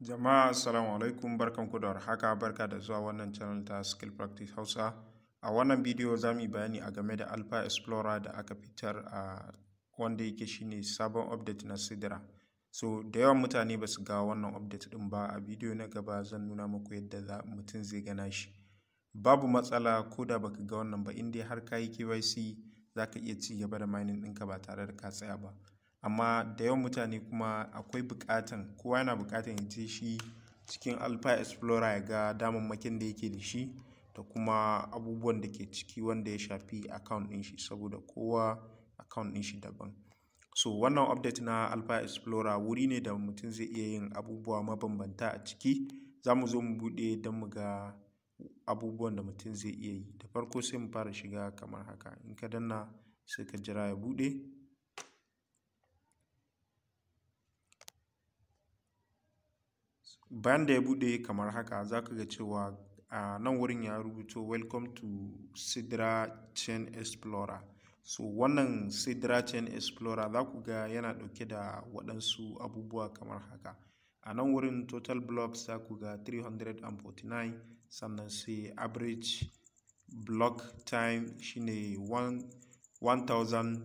Jama'a assalamu alaikum barkanku da haka barka da zuwa wannan channel ta Skill Practice Hausa. A wannan bidiyo za mu yi bayani a game da Alpha Explorer da aka fitar a wanda yake shine sabon update na Sidra. So da yawan mutane ba su ga wannan update din ba a bidiyo na gaba zan nuna muku yadda mutum zai gana shi. Babu matsala ko da baka ga wannan ba inda har ka yi KYC za ka iya ci gaba da mining ɗinka ba tare da ka tsaya ba. amma da yawan mutane kuma akwai buƙatan kowa yana bukatan ya je shi cikin alpha explorer ya ga damammakin da yake da shi da kuma abubuwan da ke ciki wanda ya shafi account ɗin shi saboda kowa account ɗin shi daban so wannan update na alpha explorer wuri ne da mutum zai iya yin abubuwa mabambanta a ciki za mu zo mu buɗe don mu ga abubuwan da mutum zai iya yi da farko sai mu fara shiga kamar haka in ka danna sai ka jira ya buɗe bayan da ya bude kamar haka za ka ga cewa a nan wurin ya rubuto welcome to sidra chain explorer so wannan sidra chain explorer za ku ga yana dauke da waɗansu abubuwa kamar haka a nan wurin total blocks za ku ga 349 sannan sai average block time shine 1000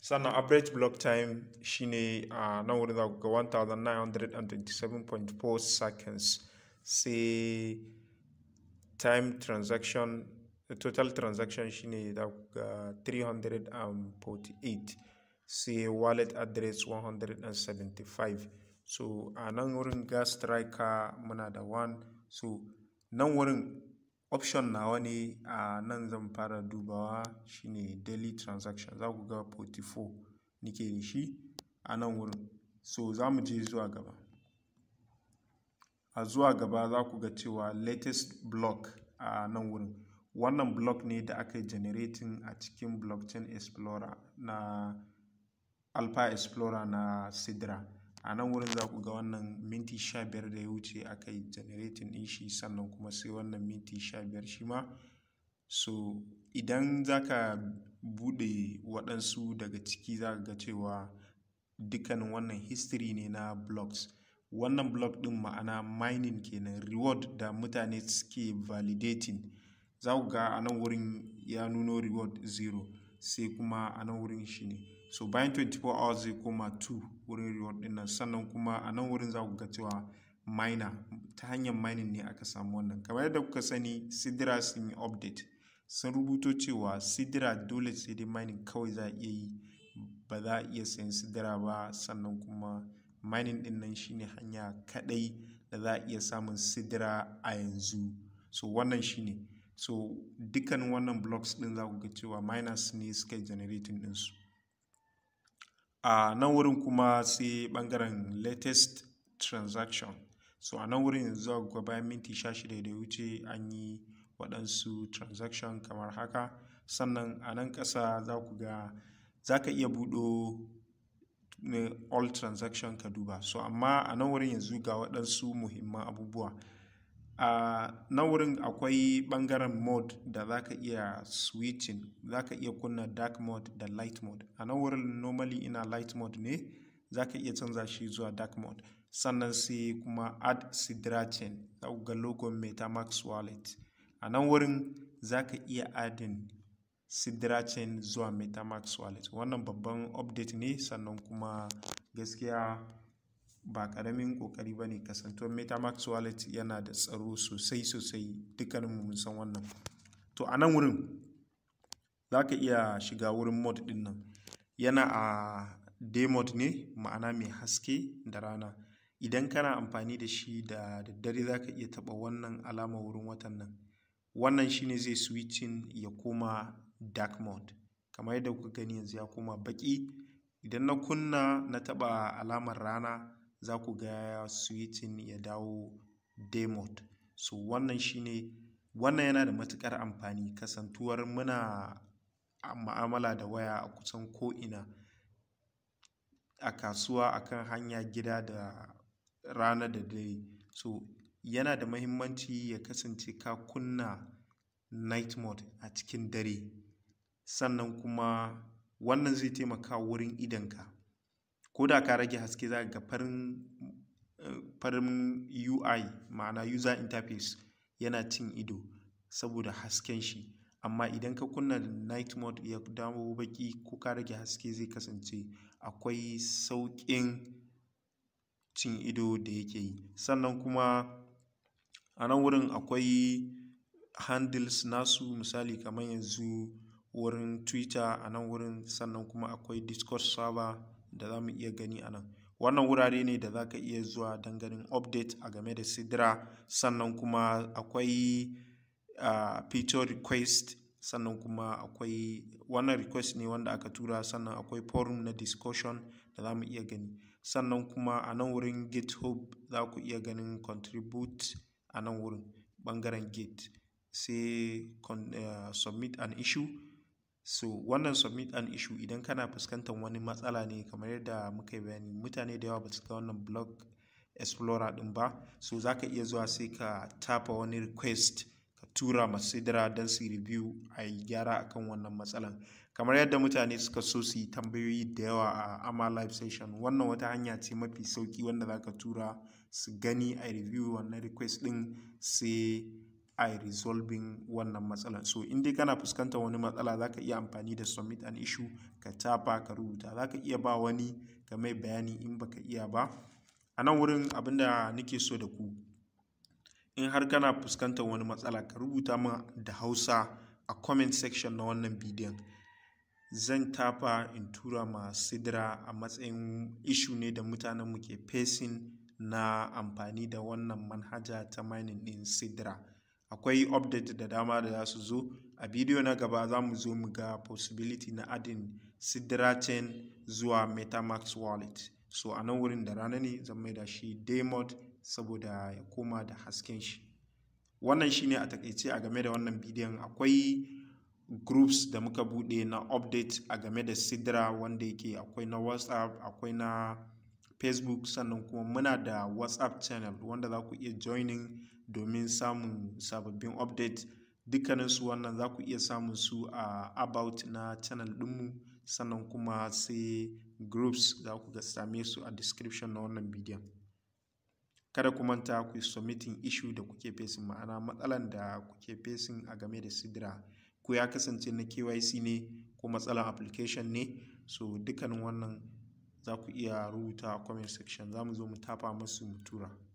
sannan average block time shine a nan wurin za ku ga 1927.4 seconds sai time transaction total transaction shine za ku ga 348 sai wallet address 175 so a nan wurin gas striker muna da 1 so nan wurin option nawa ne a nan zan fara dubawa shine daily transaction za ku ga 44 nike da shi a nan wurin so za mu je zuwa gaba a zuwa gaba za ku ga cewa latest block a nan wurin wannan block ne da aka yi generating a cikin blockchain explorer na alpha explorer na sidra a nan wurin za ku ga wannan minti sha biyar da ya wuce aka yi generating din shi sannan kuma sai wannan minti sha biyar shi ma so idan za ka bude waɗansu daga ciki za ka ga cewa dukkanin wannan history ne na blocks wannan block din ma'ana mining kenan reward da mutane suke validating za ku ga a nan wurin ya nuno reward zero sai kuma a nan wurin shi ne so bayan 24 hours zai koma 2 wurin reward din sannan kuma a nan wurin za ku ga cewa miner ta hanyar mining ne aka samu wannan kamar yadda kuka sani sidira sun yi update sun rubuto cewa sidira dole sai dai mining kawai za a iya yi ba za a iya sayan sidira ba sannan kuma mining din nan shine hanya kadai da za a iya samun sidira a yanzu so wannan shine so dukkan wannan blocks din za ku ga cewa miners ne suka generating ɗinsu a nan wurin kuma sai bangaren latest transaction so a nan wurin yanzu ga bayan minti shida da wuce an yi waɗansu transaction kamar haka sannan a nan ƙasa za ku ga za ka iya buɗo eh, all transaction ka duba so amma a nan wurin yanzu ga waɗansu muhimman abubuwa a na wurin akwai bangaren mode da za ka iya switching za ka iya kunna dark mode da light mode a na wurin normally ina light mode ne za ka iya canza shi zuwa dark mode sannan sai kuma add sidratin ga logon metamax wallet a nan wurin za ka iya adin sidratin zuwa metamax wallet wannan babban update ne sannan kuma gaskiya ba karamin ƙoƙari ba ne kasanto metamax wallet yana da tsaro sosai sosai dukkanin mun san wannan to a nan wurin za ka iya shiga wurin mod ɗinnan. nan yana a day mod ne ma'ana mai haske da rana idan kana amfani da shi da daddare za ka iya taɓa wannan alama wurin watan nan wannan shine zai switching ya koma dark mode kamar yadda kuka gani yanzu ya koma baƙi idan na kunna na taɓa alamar rana za ku ga switching ya dawo day mode so wannan shine wannan yana da matukar amfani kasantuwar muna ma'amala da waya a kusan ko'ina a kasuwa akan hanya gida da rana da dare so yana da mahimmanci ya kasance ka kunna night mode a cikin dare sannan kuma wannan zai taimaka wurin idonka ko da ka rage haske za ga farin UI ma'ana user interface yana cin ido saboda hasken shi amma idan ka kunna night mode ya damo baki ko ka rage haske zai kasance akwai sauƙin cin ido da yake yi sannan kuma a nan wurin akwai handles nasu misali kamar yanzu wurin twitter a nan wurin sannan kuma akwai discord server da za mu iya gani a wannan wurare ne da za ka iya zuwa don ganin update a game da sidra sannan kuma akwai feature request sannan kuma akwai wannan request ne wanda aka tura sannan akwai forum na discussion da za mu iya gani sannan kuma a nan wurin github za ku iya ganin contribute a nan wurin bangaren git sai eh, submit an issue so wannan submit an issue idan kana fuskantar wani matsala ne kamar yadda muka yi bayani mutane da yawa ba su ga wannan blog explorer din ba so za ka iya zuwa sai ka tafa wani request ka tura masu masidira don su review a yi gyara akan wannan matsalan kamar yadda mutane suka so su yi tambayoyi da yawa a ama live session wannan wata hanya ce mafi sauki wanda za ka tura su gani a review wannan request din sai a resolving wannan matsalan so in dai kana fuskantar wani matsala za ka iya amfani da submit an issue ka tafa ka rubuta za ka iya ba wani ka mai bayani in baka iya ba a nan wurin abinda nake so da ku in har kana fuskantar wani matsala ka rubuta ma da hausa a comment section na wannan bidiyon zan tafa in tura ma sidra a matsayin ishu ne da mutanen mu ke facing na amfani da wannan manhaja ta mining din sidra akwai update da dama da za su zo a bidiyo na gaba za mu zo mu ga possibility na adin sidra chain zuwa metamax wallet so a nan wurin da rana ne zan mai da shi daymod saboda ya koma da hasken shi wannan shine a takaice a game da wannan bidiyon akwai groups da muka bude na update a game da sidra wanda yake akwai na whatsapp akwai na facebook sannan kuma muna da whatsapp channel wanda za ku iya joining domin samun sababbin update dukkaninsu wannan za ku iya samun su a about na channel ɗinmu sannan kuma sai groups za ku ga same su a description na wannan bidiyon kada ku manta ku yi submitting issue da kuke facing ma'ana matsalan da kuke facing a game da sidra ku ya kasance na kyc ne ko matsalan application ne so dukkanin wannan za ku iya rubuta a comment section za mu zo mu tafa masu mu tura